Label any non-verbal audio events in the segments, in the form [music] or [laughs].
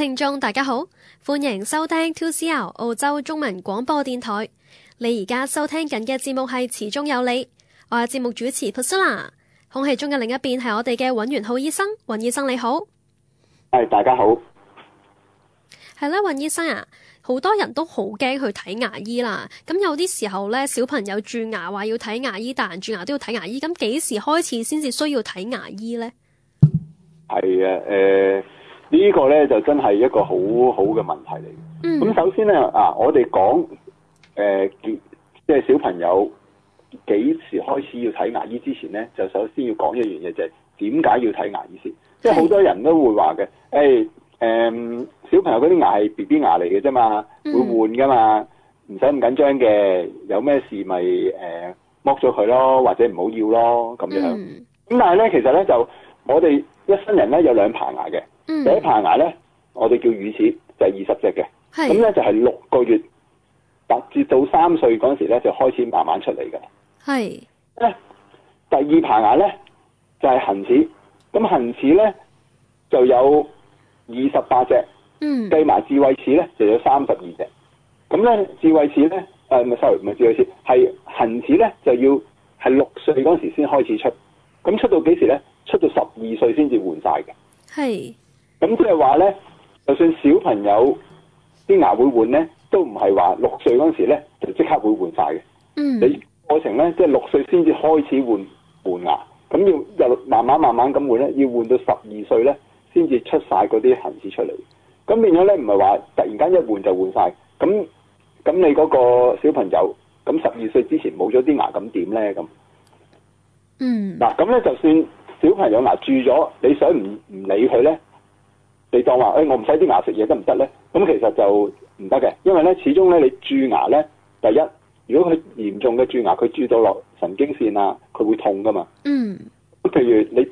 聽眾大家好，歡迎收聽 2CL 澳洲中文廣播電台。你而家收聽緊嘅節目係《齒中有理》，我係節目主持 Priscilla。空氣中嘅另一邊係我哋嘅尹元浩醫生，尹醫生你好。係，大家好。係啦，尹醫生啊，好多人都好驚去睇牙醫啦。咁有啲時候咧，小朋友蛀牙話要睇牙醫，大人蛀牙都要睇牙醫。咁幾時開始先至需要睇牙醫呢？係啊，誒、呃。個呢個咧就真係一個、嗯、好好嘅問題嚟嘅。咁、嗯、首先咧啊，我哋講誒，即係小朋友幾時開始要睇牙醫之前咧，就首先要講一樣嘢，就係點解要睇牙醫先。嗯、即係好多人都會話嘅，誒、哎、誒、呃，小朋友嗰啲牙係 B B 牙嚟嘅啫嘛，會換噶嘛，唔使咁緊張嘅，有咩事咪誒剝咗佢咯，或者唔好要咯咁樣。咁、嗯嗯、但係咧，其實咧就我哋一生人咧有兩排牙嘅。第一排牙咧，嗯、我哋叫乳齒，就係二十隻嘅。咁咧是就係六個月，直至到三歲嗰陣時咧，就開始慢慢出嚟嘅。係是。咧第二排牙咧就係恆齒，咁恆齒咧就有二十八隻，慧慧隻嗯，計埋智慧齒咧就有三十二隻。咁、呃、咧智慧齒咧，誒唔係 sorry 唔係智慧齒，係恆齒咧就要係六歲嗰時先開始出，咁出到幾時咧？出到十二歲先至換晒嘅。係。咁即係話呢，就算小朋友啲牙會換呢，都唔係話六歲嗰陣時呢就即刻會換晒嘅。嗯，你過程呢，即係六歲先至開始換換牙，咁、嗯、要又慢慢慢慢咁換呢，要換到十二歲呢，先至出晒嗰啲恆齒出嚟。咁變咗呢，唔係話突然間一換就換晒。咁咁你嗰個小朋友咁十二歲之前冇咗啲牙，咁點呢？咁？嗯。嗱，咁呢，就算小朋友牙蛀咗，你想唔唔理佢呢？.你當話，誒、欸、我唔使啲牙食嘢得唔得咧？咁、嗯嗯、其實就唔得嘅，因為咧始終咧你蛀牙咧，第一，如果佢嚴重嘅蛀牙，佢蛀到落神經線啊，佢會痛噶嘛。嗯。譬如你，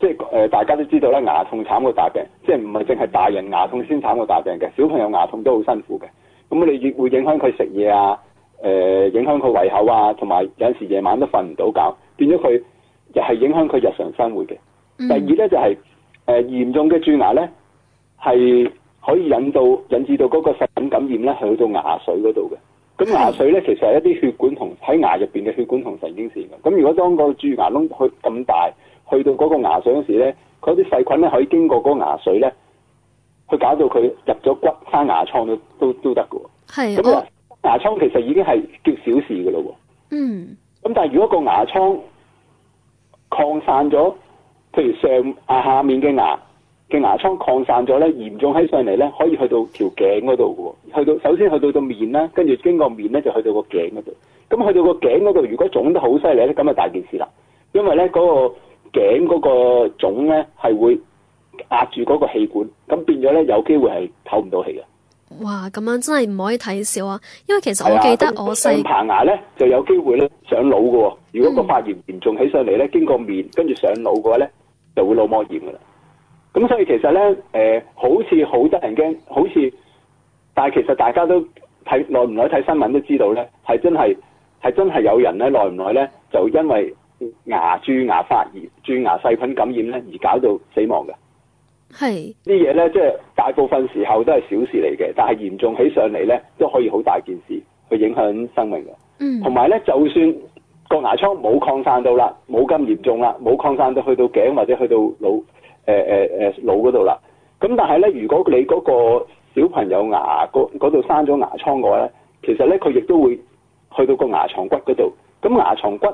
即係誒、呃、大家都知道咧，牙痛慘過大病，即係唔係淨係大人牙痛先慘過大病嘅，小朋友牙痛都好辛苦嘅。咁、嗯嗯、你亦會影響佢食嘢啊，誒、呃、影響佢胃口啊，同埋有陣時夜晚都瞓唔到覺，變咗佢又係影響佢日常生活嘅。第二咧就係。誒、呃，嚴重嘅蛀牙咧，係可以引到引致到嗰個細菌感染咧，去到牙髓嗰度嘅。咁是牙髓咧，其實係一啲血管同喺牙入邊嘅血管同神經線嘅。咁如果當個蛀牙窿去咁大，去到嗰個牙髓嗰時咧，嗰啲細菌咧可以經過嗰牙髓咧，去搞到佢入咗骨生牙瘡都都都得嘅。係是。咁牙牙瘡其實已經係叫小事嘅咯喎。嗯。咁但係如果個牙瘡擴散咗，譬如上面牙下面嘅牙嘅牙瘡擴散咗咧，嚴重起上嚟咧，可以去到條頸嗰度嘅喎，去到首先去到個面啦，跟住經過面咧就去到個頸嗰度，咁去到個頸嗰度，如果腫得好犀利咧，咁就大件事啦，因為咧嗰、嗰個頸嗰個腫咧係會壓住嗰個氣管，咁變咗咧有機會係透唔到氣嘅。哇，咁樣真係唔可以睇小啊，因為其實我記得我細排、啊嗰個、牙咧就有機會咧上腦嘅喎，如果個發炎嚴重起上嚟咧，嗯、經過面跟住上腦嘅話咧。就會腦膜炎噶啦，咁所以其實咧，誒、呃，好似好得人驚，好似，但係其實大家都睇耐唔耐睇新聞都知道咧，係真係係真係有人咧耐唔耐咧就因為牙蛀牙發炎、蛀牙細菌感染咧而搞到死亡嘅。係。啲嘢咧，即係大部分時候都係小事嚟嘅，但係嚴重起上嚟咧，都可以好大件事去影響生命嘅。嗯。同埋咧，就算。個牙瘡冇擴散到啦，冇咁嚴重啦，冇擴散到去到頸或者去到腦誒誒誒腦嗰度啦。咁、欸欸、但係咧，如果你嗰個小朋友牙嗰度生咗牙瘡嘅話咧，其實咧佢亦都會去到個牙床骨嗰度。咁牙床骨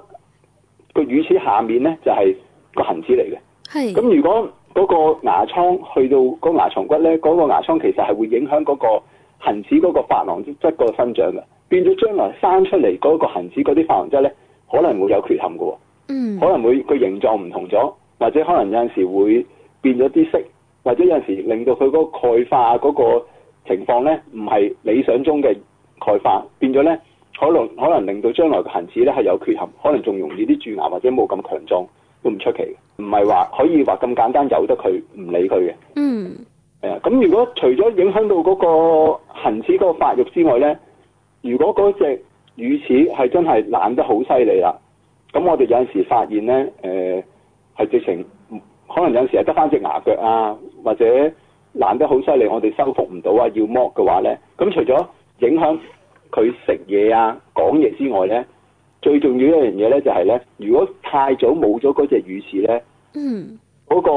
個乳齒下面咧就係、是、個恆齒嚟嘅。係是。咁如果嗰個牙瘡去到個牙床骨咧，嗰、那個牙瘡其實係會影響嗰個恆齒嗰個琺瑯質個生長嘅，變咗將來生出嚟嗰個恆齒嗰啲琺瑯質咧。可能會有缺陷嘅喎、哦，嗯，可能會個形狀唔同咗，或者可能有陣時會變咗啲色，或者有陣時令到佢嗰個鈣化嗰個情況咧，唔係理想中嘅鈣化，變咗咧，可能可能令到將來嘅恆齒咧係有缺陷，可能仲容易啲蛀牙或者冇咁強壯都唔出奇，唔係話可以話咁簡單由得佢唔理佢嘅。嗯，誒、嗯，咁如果除咗影響到嗰個恆齒嗰個發育之外咧，如果嗰隻，乳齒係真係爛得好犀利啦，咁我哋有陣時發現呢，誒、呃、係直情可能有陣時係得翻隻牙腳啊，或者爛得好犀利，我哋修復唔到啊，要剝嘅話呢。咁除咗影響佢食嘢啊、講嘢之外呢，最重要一樣嘢呢就係呢：如果太早冇咗嗰隻乳齒呢，嗯、mm.，嗰個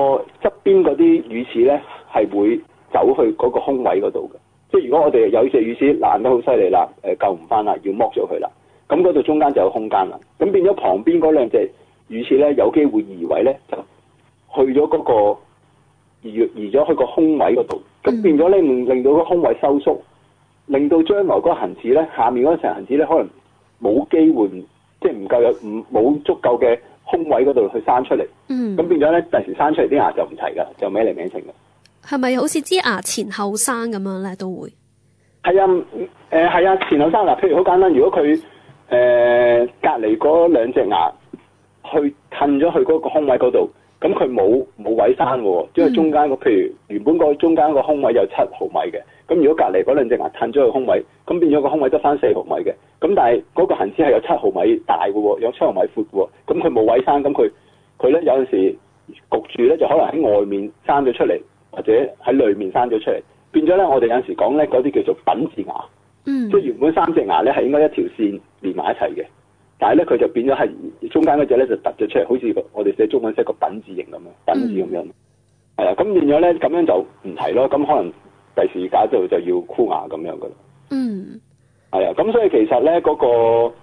側邊嗰啲乳齒呢係會走去嗰個空位嗰度嘅。即如果我哋有隻乳齒爛得好犀利啦，誒、呃、救唔返啦，要剝咗佢啦，咁嗰度中間就有空間啦，咁變咗旁邊嗰兩隻乳齒咧有機會移位咧，就去咗嗰、那個移移咗去個空位嗰度，咁變咗咧令令到個空位收縮，令到將來嗰恆齒咧下面嗰層恆齒咧可能冇機會，即係唔夠有唔冇足夠嘅空位嗰度去生出嚟，咁、嗯、變咗咧第時生出嚟啲牙就唔齊㗎，就歪嚟歪成㗎。係咪好似支牙前後生咁樣咧？都會係啊，誒、呃，係啊，前後生嗱。譬如好簡單，如果佢誒、呃、隔籬嗰兩隻牙去褪咗，去嗰個空位嗰度，咁佢冇冇位生嘅，因為中間個譬如原本個中間個空位有七毫米嘅，咁如果隔籬嗰兩隻牙褪咗去空位，咁變咗個空位得翻四毫米嘅，咁但係嗰個恆齒係有七毫米大嘅，有七毫米闊嘅，咁佢冇位生，咁佢佢咧有陣時焗住咧，就可能喺外面生咗出嚟。或者喺裏面生咗出嚟，變咗咧，我哋有時講咧嗰啲叫做品字牙，嗯、即係原本三隻牙咧係應該一條線連埋一齊嘅，但係咧佢就變咗係中間嗰隻咧就凸咗出嚟，好似我哋寫中文寫個品字形咁樣，品字咁樣，係啊、嗯，咁變咗咧咁樣就唔係咯，咁可能第時假造就要箍牙咁樣噶啦。嗯，係啊，咁所以其實咧嗰、嗰個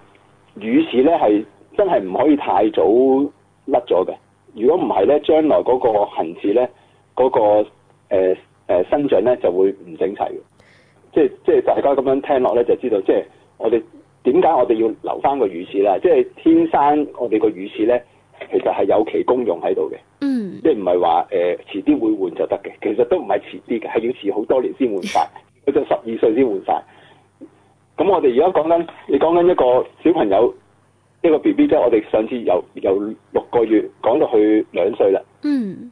乳齒咧係真係唔可以太早甩咗嘅，如果唔係咧，將來嗰個恆齒咧嗰個。誒誒、呃呃，生長咧就會唔整齊嘅，即係即係大家咁樣聽落咧，就知道即係我哋點解我哋要留翻個乳齒啦，即係天生我哋個乳齒咧，其實係有其功用喺度嘅。嗯、mm.，即係唔係話誒遲啲會換就得嘅，其實都唔係遲啲嘅，係要遲好多年先換曬，佢 [laughs] 就十二歲先換曬。咁我哋而家講緊，你講緊一個小朋友一個 B B，即係我哋上次由由六個月講到佢兩歲啦。嗯，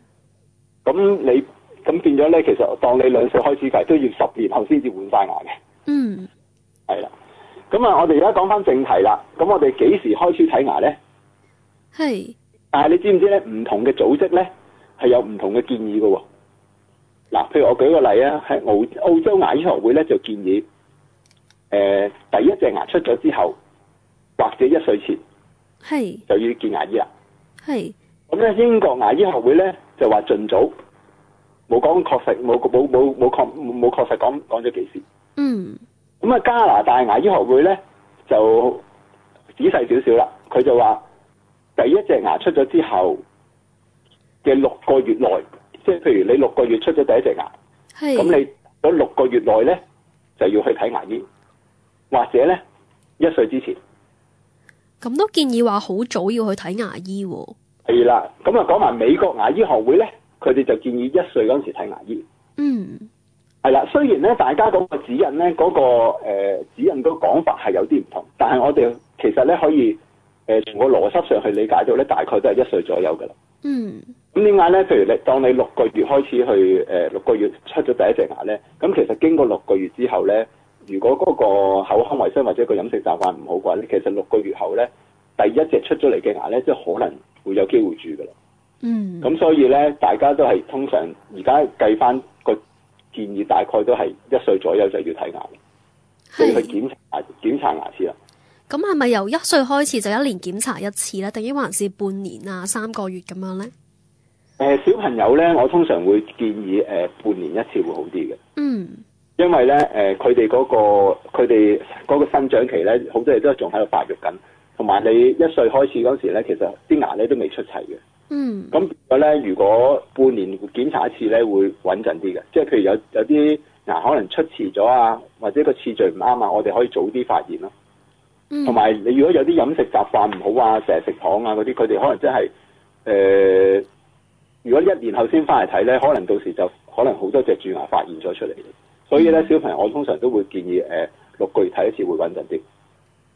咁你。咁變咗咧，其實當你兩歲開始計，都要十年後先至換曬牙嘅。嗯，係啦。咁啊，我哋而家講翻正題啦。咁我哋幾時開始睇牙咧？係。但係你知唔知咧？唔同嘅組織咧係有唔同嘅建議嘅喎。嗱，譬如我舉個例啊，喺澳澳洲牙醫學會咧就建議，誒第一隻牙出咗之後，或者一歲前，係就要見牙醫啦。係。咁咧，英國牙醫學會咧就話盡早。冇講確實，冇冇冇冇確冇確實講講咗幾時。嗯，咁啊加拿大牙醫學會咧就仔細少少啦，佢就話第一隻牙出咗之後嘅六個月內，即係譬如你六個月出咗第一隻牙，咁係你嗰六個月內咧就要去睇牙醫，或者咧一歲之前。咁都建議話好早要去睇牙醫喎、哦。係啦，咁啊講埋美國牙醫學會咧。佢哋就建議一歲嗰陣時睇牙醫。嗯，係啦，雖然咧大家嗰個指引咧嗰、那個、呃、指引個講法係有啲唔同，但係我哋其實咧可以誒、呃、從個邏輯上去理解到咧，大概都係一歲左右㗎啦。嗯，咁點解咧？譬如你當你六個月開始去誒、呃、六個月出咗第一隻牙咧，咁其實經過六個月之後咧，如果嗰個口腔衞生或者個飲食習慣唔好嘅話呢，咧其實六個月後咧第一隻出咗嚟嘅牙咧，即係可能會有機會蛀㗎啦。嗯，咁、嗯、所以咧，大家都係通常而家計翻個建議，大概都係一歲左右就要睇牙，即係要去檢查牙檢查牙齒啦。咁係咪由一歲開始就一年檢查一次咧？定依還是半年啊，三個月咁樣咧？誒、呃，小朋友咧，我通常會建議誒、呃、半年一次會好啲嘅。嗯，因為咧誒，佢哋嗰個佢哋嗰個生長期咧，好多嘢都仲喺度發育緊，同埋你一歲開始嗰時咧，其實啲牙咧都未出齊嘅。嗯，咁如果咧，如果半年檢查一次咧，會穩陣啲嘅。即係譬如有有啲牙、啊、可能出遲咗啊，或者個次序唔啱啊，我哋可以早啲發現咯。同埋、嗯、你如果有啲飲食習慣唔好啊，成日食糖啊嗰啲，佢哋可能真係誒，如果一年後先翻嚟睇咧，可能到時就可能好多隻蛀牙發現咗出嚟。嗯、所以咧，小朋友我通常都會建議誒、呃、六個月睇一次會穩陣啲。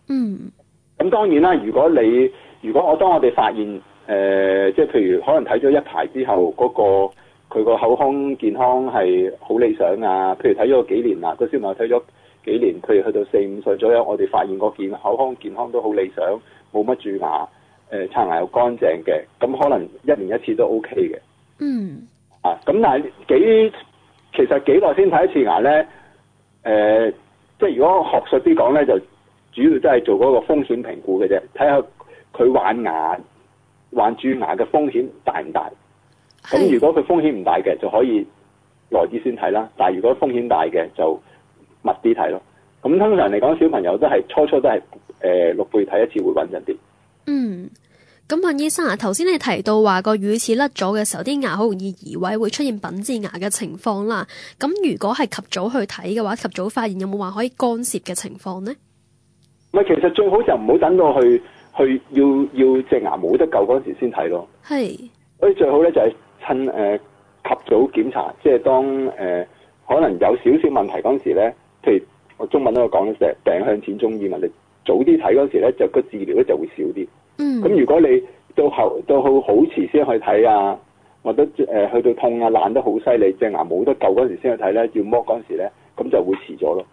嗯，咁當然啦，如果你如果我當我哋發現。誒、呃，即係譬如可能睇咗一排之後，嗰、嗰個佢個口腔健康係好理想啊。譬如睇咗幾年啦，個小朋友睇咗幾年，譬如去到四五歲左右，我哋發現個健口腔健康都好理想，冇乜蛀牙，誒刷牙又乾淨嘅，咁可能一年一次都 OK 嘅。嗯。啊，咁但係幾其實幾耐先睇一次牙咧？誒、呃，即係如果學術啲講咧，就主要都係做嗰個風險評估嘅啫，睇下佢患牙患蛀牙嘅風險大唔大？咁是如果佢風險唔大嘅，就可以耐啲先睇啦。但係如果風險大嘅，就密啲睇咯。咁通常嚟講，小朋友都係初初都係誒六個月睇一次會穩陣啲、嗯。嗯，咁問醫生啊，頭先你提到話個乳齒甩咗嘅時候，啲牙好容易移位，會出現品字牙嘅情況啦。咁、嗯、如果係及早去睇嘅話，及早發現有冇話可以干涉嘅情況呢？唔其實最好就唔好等到去去要要，要隻牙冇。舊嗰時先睇咯，係是，所以最好咧就係、是、趁誒、呃、及早檢查，即係當誒、呃、可能有少少問題嗰時咧，譬如我中文都講得成，病向淺中醫問，你早啲睇嗰時咧就個治療咧就會少啲。嗯，咁、嗯、如果你到後到好好遲先去睇啊，或者誒、呃、去到痛啊爛得好犀利，隻牙冇得救嗰時先去睇咧，要剝嗰時咧，咁就會遲咗咯。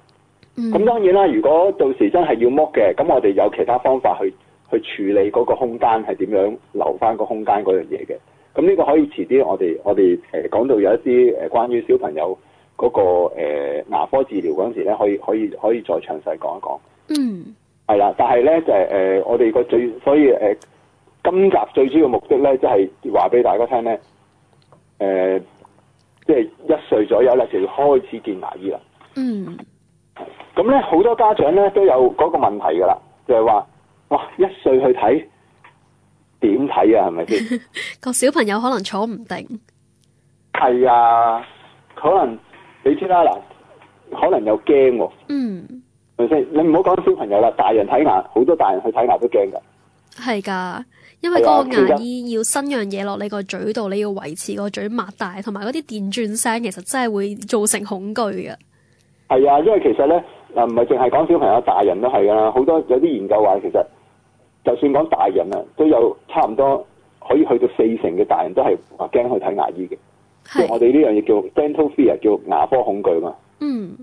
咁、嗯、當然啦，如果到時真係要剝嘅，咁我哋有其他方法去。去處理嗰個空間係點樣留翻個空間嗰樣嘢嘅，咁、嗯、呢、嗯、個可以遲啲我哋我哋誒講到有一啲誒關於小朋友嗰、嗰個牙、呃、科治療嗰陣時咧，可以可以可以再詳細講一講。嗯，係啦，但係咧就係、是、誒、呃、我哋個最所以誒、呃、今集最主要嘅目的咧，就係話俾大家聽咧，誒即係一歲左右咧就要開始見牙醫啦。嗯，咁咧好多家長咧都有嗰個問題㗎啦，就係、是、話。哇！一歲去睇點睇啊？係咪先個小朋友可能坐唔定？係啊，可能你知啦嗱，可能又驚喎、啊。嗯，係咪先？你唔好講小朋友啦，大人睇牙好多，大人去睇牙都驚噶。係噶，因為嗰個牙醫要伸樣嘢落你個嘴度，你要維持個嘴擘大，同埋嗰啲電鑽聲，其實真係會造成恐懼噶。係啊，因為其實咧，啊唔係淨係講小朋友，大人都係啦。好多有啲研究話，其實。就算講大人啦，都有差唔多可以去到四成嘅大人，都係話驚去睇牙醫嘅。即係我哋呢樣嘢叫 dental fear，叫牙科恐懼嘛。嗯，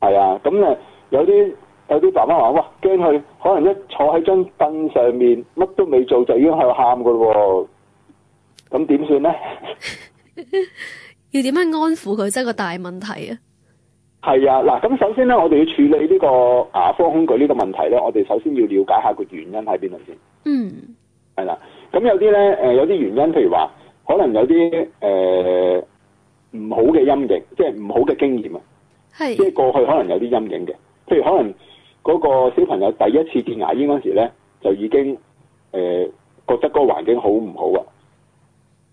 係啊，咁、嗯、咧有啲有啲爸爸話：哇，驚佢可能一坐喺張凳上面，乜都未做就已經喺度喊噶咯喎。咁點算咧？ [laughs] [laughs] 要點樣安撫佢真係個大問題啊！係啊，嗱，咁首先咧，我哋要處理呢個牙科恐懼呢個問題咧，我哋首先要了解下個原因喺邊度先。嗯，係啦，咁有啲咧，誒，有啲原因，譬如話，可能有啲誒唔好嘅陰影，即係唔好嘅經驗啊。係是。即係過去可能有啲陰影嘅，譬如可能嗰個小朋友第一次見牙醫嗰時咧，就已經誒覺得嗰個環境好唔好啊，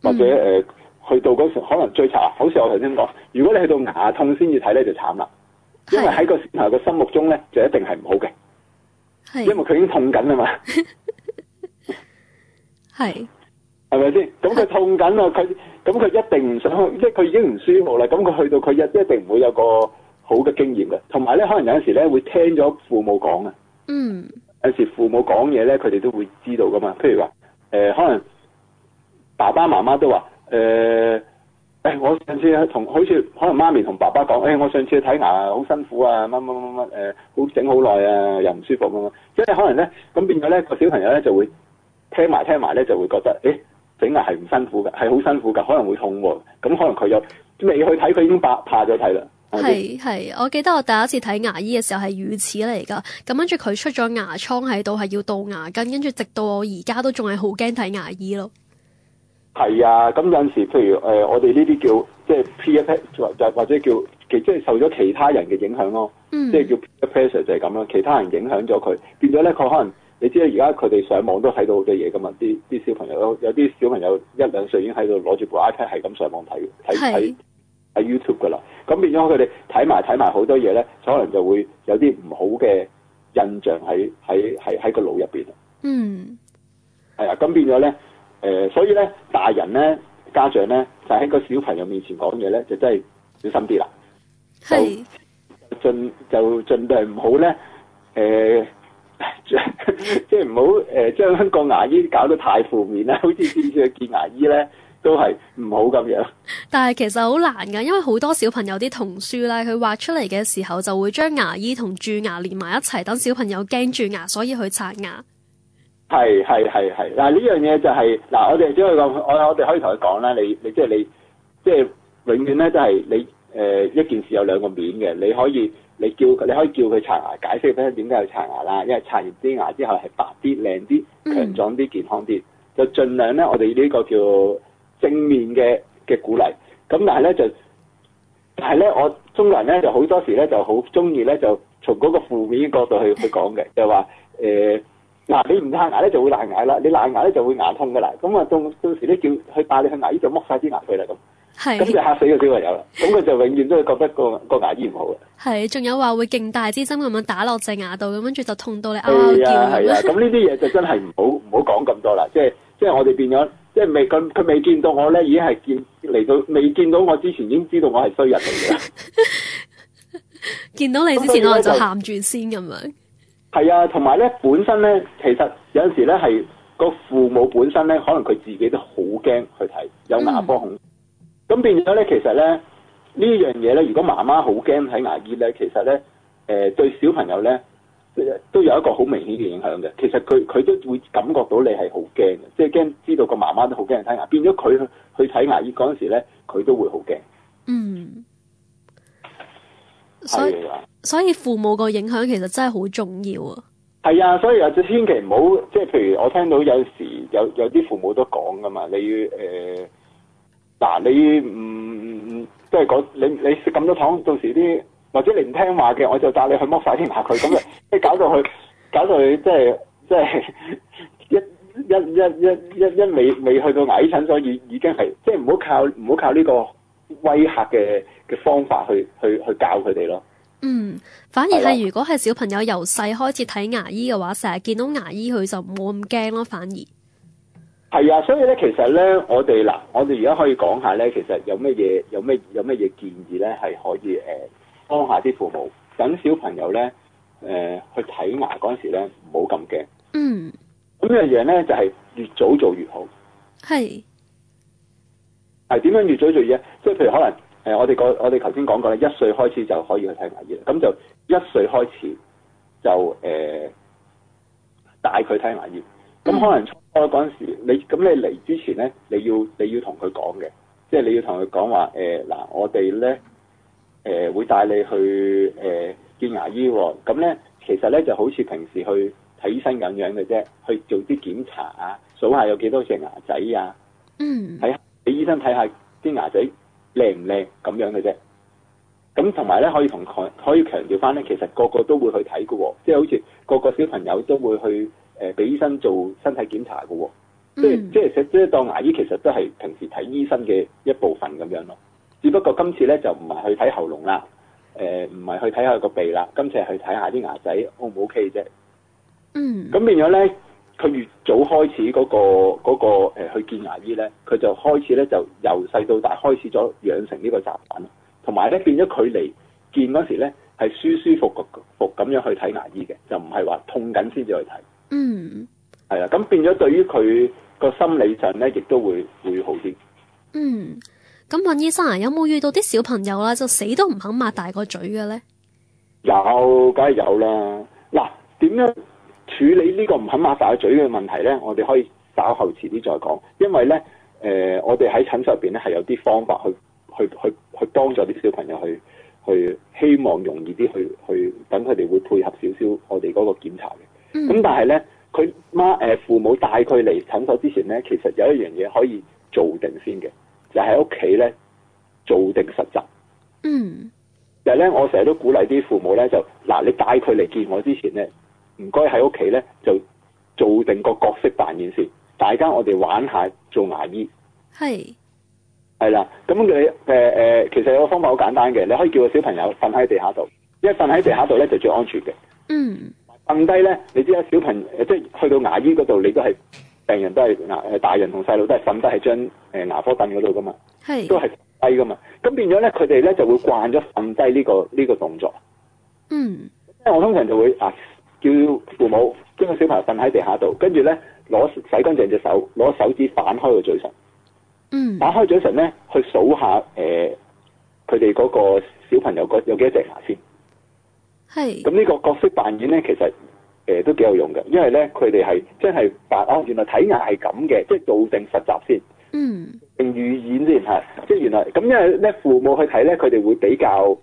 或者誒。嗯去到嗰時可能最慘啊！好似我頭先講，如果你去到牙痛先至睇咧，就慘啦。因為喺個小朋友嘅心目中咧，就一定係唔好嘅。係是。因為佢已經痛緊啊嘛。係 [laughs] 是。係咪先？咁佢痛緊啊！佢咁佢一定唔想即係佢已經唔舒服啦。咁佢去到佢一一定唔會有個好嘅經驗嘅。同埋咧，可能有陣時咧會聽咗父母講啊。嗯。有陣時父母講嘢咧，佢哋都會知道噶嘛。譬如話，誒、呃，可能爸爸媽媽都話。誒，誒、呃哎，我上次同好似可能媽咪同爸爸講，誒、哎，我上次去睇牙好辛苦啊，乜乜乜乜，誒、呃，好整好耐啊，又唔舒服咁樣，即係可能咧，咁變咗咧、那個小朋友咧就會聽埋聽埋咧就會覺得，誒、欸，整牙係唔辛苦噶，係好辛苦噶，可能會痛，咁、嗯、可能佢又未去睇，佢已經怕怕咗睇啦。係係，我記得我第一次睇牙醫嘅時候係乳齒嚟噶，咁跟住佢出咗牙瘡喺度，係要杜牙根，跟住直到我而家都仲係好驚睇牙醫咯。係啊，咁有陣時，譬如誒、呃，我哋呢啲叫即係 peer pressure 就或者叫即係受咗其他人嘅影響咯，嗯、即係叫 peer pressure 就係咁咯。其他人影響咗佢，變咗咧，佢可能你知啦，而家佢哋上網都睇到好多嘢噶嘛，啲啲小朋友有啲小朋友一兩歲已經喺度攞住部 iPad 係咁上網睇，睇睇睇 YouTube 噶啦，咁變咗佢哋睇埋睇埋好多嘢咧，可能就會有啲唔好嘅印象喺喺係喺個腦入邊。嗯，係啊，咁變咗咧。誒、呃，所以咧，大人咧，家長咧，就喺、是、個小朋友面前講嘢咧，就真係小心啲啦。係是，盡就盡量唔好咧。誒、呃，即係唔好誒，將個牙醫搞得太負面啦。好似之前見牙醫咧，都係唔好咁樣。但係其實好難㗎，因為好多小朋友啲童書啦，佢畫出嚟嘅時候就會將牙醫同蛀牙連埋一齊，等小朋友驚蛀牙，所以去刷牙。係係係係，嗱呢樣嘢就係嗱，我哋只可以講，我我哋可以同佢講啦。你你即係你即係永遠咧都係你誒一件事有兩個面嘅。你可以你叫你可以叫佢刷牙，解釋俾佢點解要刷牙啦。因為刷完啲牙之後係白啲、靚啲、強壯啲、健康啲，就儘量咧我哋呢個叫正面嘅嘅鼓勵。咁但係咧就但係咧，我中國人咧就好多時咧就好中意咧就從嗰個負面角度去去講嘅，就話誒。呃嗱，你唔刷牙咧就會爛牙啦，你爛牙咧就會牙痛噶啦，咁啊到到時咧叫佢帶你去牙醫就剝晒啲牙佢啦咁，咁就是嚇死個小朋友啦，咁佢就永遠都會覺得個個牙醫唔好嘅。係，仲有話會勁大支針咁樣打落隻牙度，咁跟住就痛到你嗷嗷叫咁。啊咁呢啲嘢就真係唔好唔好講咁多啦，即係即係我哋變咗，即係未佢佢未見到我咧，已經係見嚟到未見到我之前，已經知道我係衰人嚟嘅。 [laughs] 見到你之前，嗯就是、我就喊住先咁樣。係啊，同埋咧，本身咧，其實有陣時咧，係個父母本身咧，可能佢自己都好驚去睇有牙科恐。咁、嗯、變咗咧，其實咧呢樣嘢咧，如果媽媽好驚睇牙醫咧，其實咧誒、呃、對小朋友咧、呃、都有一個好明顯嘅影響嘅。其實佢佢都會感覺到你係好驚嘅，即係驚知道個媽媽都好驚睇牙醫，變咗佢去睇牙醫嗰陣時咧，佢都會好驚。嗯，所以。所以父母個影響其實真係好重要啊，係啊，所以又千祈唔好即係。譬如我聽到有時有有啲父母都講噶嘛，例如誒嗱，你唔、嗯、即係講你你食咁多糖，到時啲或者你唔聽話嘅，我就帶你去剝晒啲牙佢咁啊，即係 [laughs] 搞到佢，搞到佢，即係即係一一一一一一未一未，一未去到牙醫診所，以已經係即係唔好靠唔好靠呢個威嚇嘅嘅方法去去去，去教佢哋咯。嗯，反而係的如果係小朋友由細開始睇牙醫嘅話，成日見到牙醫佢就冇咁驚咯。反而係啊，所以咧，其實咧，我哋嗱，我哋而家可以講下咧，其實有乜嘢，有咩有咩嘢建議咧，係可以誒，幫、呃、下啲父母等小朋友咧，誒、呃、去睇牙嗰陣時咧，唔好咁驚。嗯，咁樣嘢咧就係、是、越早做越好。係是，係點樣越早做嘢？即係譬如可能。誒、嗯呃，我哋個我哋頭先講過咧，一歲開始就可以去睇牙醫啦。咁就一歲開始就誒帶佢睇牙醫。咁可能初嗰陣時，你咁你嚟之前咧，你要你要同佢講嘅，即係你要同佢講話誒嗱，我哋咧誒會帶你去誒、呃、見牙醫喎、哦。咁咧其實咧就好似平時去睇醫生咁樣嘅啫，去做啲檢查數啊，數下有幾多隻牙仔啊，睇俾醫生睇下啲牙仔。靚唔靚咁樣嘅啫，咁同埋咧可以同強可以強調翻咧，其實個個都會去睇嘅喎，即係好似個個小朋友都會去誒俾、呃、醫生做身體檢查嘅喎、哦嗯，即係即係即係當牙醫其實都係平時睇醫生嘅一部分咁樣咯，只不過今次咧就唔係去睇喉嚨啦，誒唔係去睇下佢個鼻啦，今次係去睇下啲牙仔 O 唔 O K 啫，好好 okay、嗯，咁變咗咧。佢越早開始嗰個嗰個呃去見牙醫咧，佢就開始咧就由細到大開始咗養成呢個習慣，同埋咧變咗佢嚟見嗰時咧係舒舒服服咁樣去睇牙醫嘅，就唔係話痛緊先至去睇。嗯，係啊，咁變咗對於佢個心理上咧，亦都會會好啲。嗯，咁尹醫生啊，有冇遇到啲小朋友啦，就死都唔肯擘大個嘴嘅咧？有，梗係有啦。嗱，點樣？處理呢個唔肯抹晒個嘴嘅問題咧，我哋可以稍後遲啲再講，因為咧，誒、呃，我哋喺診所入邊咧係有啲方法去去去去幫助啲小朋友去去希望容易啲去去等佢哋會配合少少我哋嗰個檢查嘅。咁、嗯、但係咧，佢媽誒、呃、父母帶佢嚟診所之前咧，其實有一樣嘢可以做定先嘅，就喺屋企咧做定實習。嗯。其實咧，我成日都鼓勵啲父母咧，就嗱，你帶佢嚟見我之前咧。唔該，喺屋企咧就做定個角色扮演先，大家我哋玩下做牙醫。係係啦，咁你誒誒，其實有個方法好簡單嘅，你可以叫個小朋友瞓喺地下度，因為瞓喺地下度咧就最安全嘅。嗯，瞓低咧，你知啦，小朋友即係、就是、去到牙醫嗰度，你都係病人，都係牙誒，大人同細路都係瞓低喺張誒牙科凳嗰度噶嘛，係、嗯、都係低噶嘛，咁變咗咧佢哋咧就會慣咗瞓低呢個呢、呢個動作。嗯，即係我通常就會啊。叫父母將個小朋友瞓喺地下度，跟住咧攞洗乾淨隻手，攞手指反開個嘴唇，嗯，打開嘴唇咧去數下誒佢哋嗰個小朋友有幾多隻牙先，係是。咁呢個角色扮演咧，其實誒、呃、都幾有用嘅，因為咧佢哋係真係扮哦，原來睇牙係咁嘅，即係做定實習先，嗯，定預演先吓、啊，即係原來咁，因為咧父母去睇咧，佢哋會比較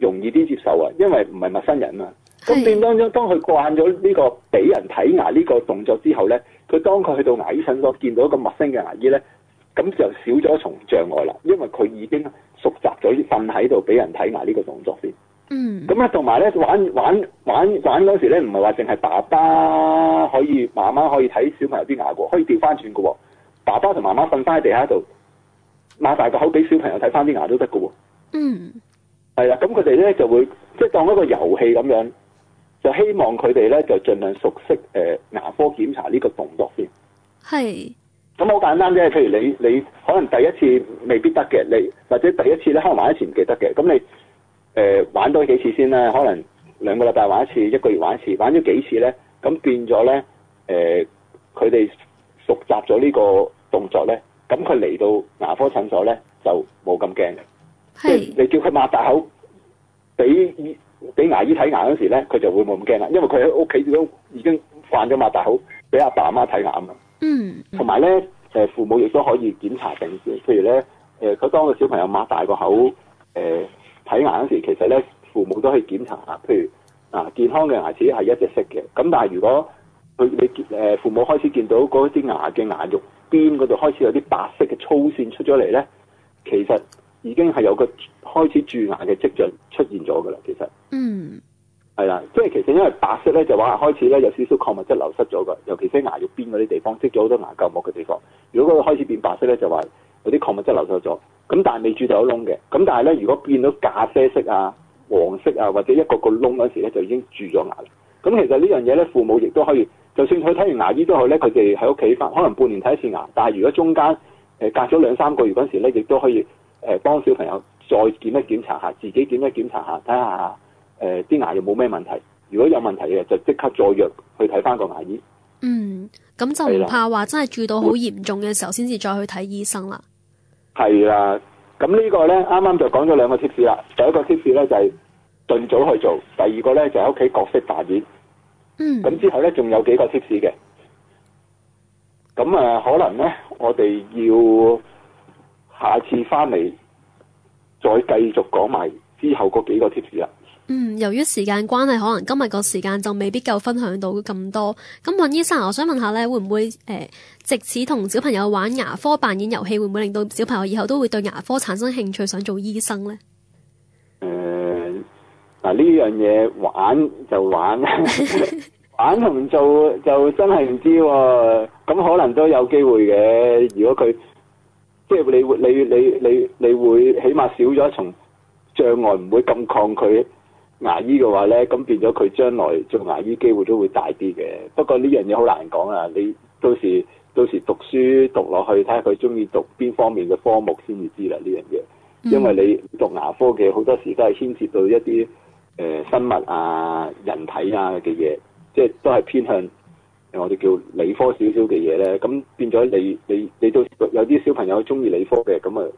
容易啲接受啊，因為唔係陌生人嘛。咁、嗯、變當中，當佢慣咗呢個俾人睇牙呢個動作之後咧，佢當佢去到牙醫診所見到一個陌生嘅牙醫咧，咁就少咗一重障礙啦。因為佢已經熟習咗瞓喺度俾人睇牙呢個動作先。嗯。咁啊，同埋咧玩玩玩玩嗰時咧，唔係話淨係爸爸可以、媽媽可以睇小朋友啲牙嘅，可以調翻轉嘅。爸爸同媽媽瞓翻喺地下度，擘大個口俾小朋友睇翻啲牙都得嘅。嗯。係啦，咁佢哋咧就會即係、即係、當一個遊戲咁樣。就希望佢哋咧就儘量熟悉誒、呃、牙科檢查呢個動作先。係是。咁好簡單啫，譬如你你可能第一次未必得嘅，你或者第一次咧可能玩一次唔記得嘅，咁你誒、呃、玩多幾次先啦。可能兩個禮拜玩一次，一個月玩一次，玩咗幾次咧，咁變咗咧誒佢哋熟習咗呢個動作咧，咁佢嚟到牙科診所咧就冇咁驚嘅。係是。你叫佢擘大口俾。俾牙醫睇牙嗰時咧，佢就會冇咁驚啦，因為佢喺屋企都已經慣咗擘大口俾阿爸阿媽睇牙啊。嗯，同埋咧誒，父母亦都可以檢查定先。譬如咧誒，佢、呃、當個小朋友擘大個口誒睇、呃、牙嗰時，其實咧父母都可以檢查下。譬如啊，健康嘅牙齒係一隻色嘅。咁但係如果佢你誒父母開始見到嗰啲牙嘅牙肉邊嗰度開始有啲白色嘅粗線出咗嚟咧，其實，已經係有個開始蛀牙嘅跡象出現咗㗎啦，其實嗯係啦，即係其實因為白色咧就話開始咧有少少礦物質流失咗嘅，尤其是牙肉邊嗰啲地方積咗好多牙垢膜嘅地方。如果嗰個開始變白色咧，就話有啲礦物質流失咗，咁但係未蛀到有窿嘅。咁但係咧，如果變到咖啡色啊、黃色啊，或者一個個窿嗰時咧，就已經蛀咗牙啦。咁其實呢樣嘢咧，父母亦都可以，就算佢睇完牙醫都好咧，佢哋喺屋企翻可能半年睇一次牙，但係如果中間誒隔咗兩三個月嗰時咧，亦都可以。誒，幫小朋友再檢一檢查下，自己檢一檢查下，睇下誒啲牙有冇咩問題？如果有問題嘅，就即刻再約去睇翻個牙醫。嗯，咁就唔怕話真係住到好嚴重嘅時候，先至再去睇醫生啦。係啦，咁呢剛剛個咧，啱啱就講咗兩個 tips 啦。第一個 tips 咧就係盡早去做，第二個咧就喺屋企角色扮演。嗯。咁之後咧仲有幾個 tips 嘅，咁啊、呃、可能咧我哋要。下次翻嚟再繼續講埋之後嗰幾個 tips 啦。嗯，由於時間關係，可能今日個時間就未必夠分享到咁多。咁，尹醫生，我想問下咧，會唔會誒，藉此同小朋友玩牙科扮演遊戲，會唔會令到小朋友以後都會對牙科產生興趣，想做醫生咧？誒、呃，嗱、啊，呢樣嘢玩就玩， [laughs] [laughs] 玩同做就真係唔知喎、啊。咁可能都有機會嘅，如果佢。即係你會，你你你你會起碼少咗一層障礙，唔會咁抗拒牙醫嘅話咧，咁變咗佢將來做牙醫機會都會大啲嘅。不過呢樣嘢好難講啊！你到時到時讀書讀落去，睇下佢中意讀邊方面嘅科目先至知啦。呢樣嘢，因為你讀牙科嘅好多時都係牽涉到一啲誒、呃、生物啊、人體啊嘅嘢，即係都係偏向。我哋叫理科少少嘅嘢咧，咁變咗你你你到時有啲小朋友中意理科嘅，咁啊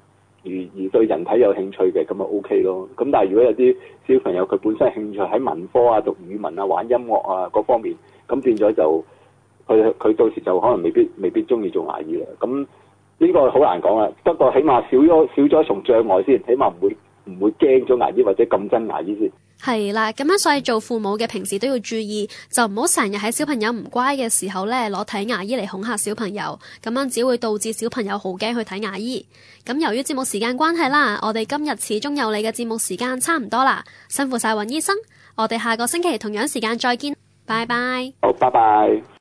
而而對人體有興趣嘅，咁啊 OK 咯。咁但係如果有啲小朋友佢本身興趣喺文科啊、讀語文啊、玩音樂啊各方面，咁變咗就佢佢到時就可能未必未必中意做牙醫啦。咁呢個好難講啊，不過起碼少咗少咗一重障礙先，起碼唔會唔會驚咗牙醫或者禁憎牙醫先。係啦，咁樣，所以做父母嘅平時都要注意，就唔好成日喺小朋友唔乖嘅時候咧攞睇牙醫嚟恐嚇小朋友，咁樣只會導致小朋友好驚去睇牙醫。咁由於節目時間關係啦，我哋今日齒中有理嘅節目時間差唔多啦，辛苦晒尹醫生，我哋下個星期同樣時間再見，拜拜。好，拜拜。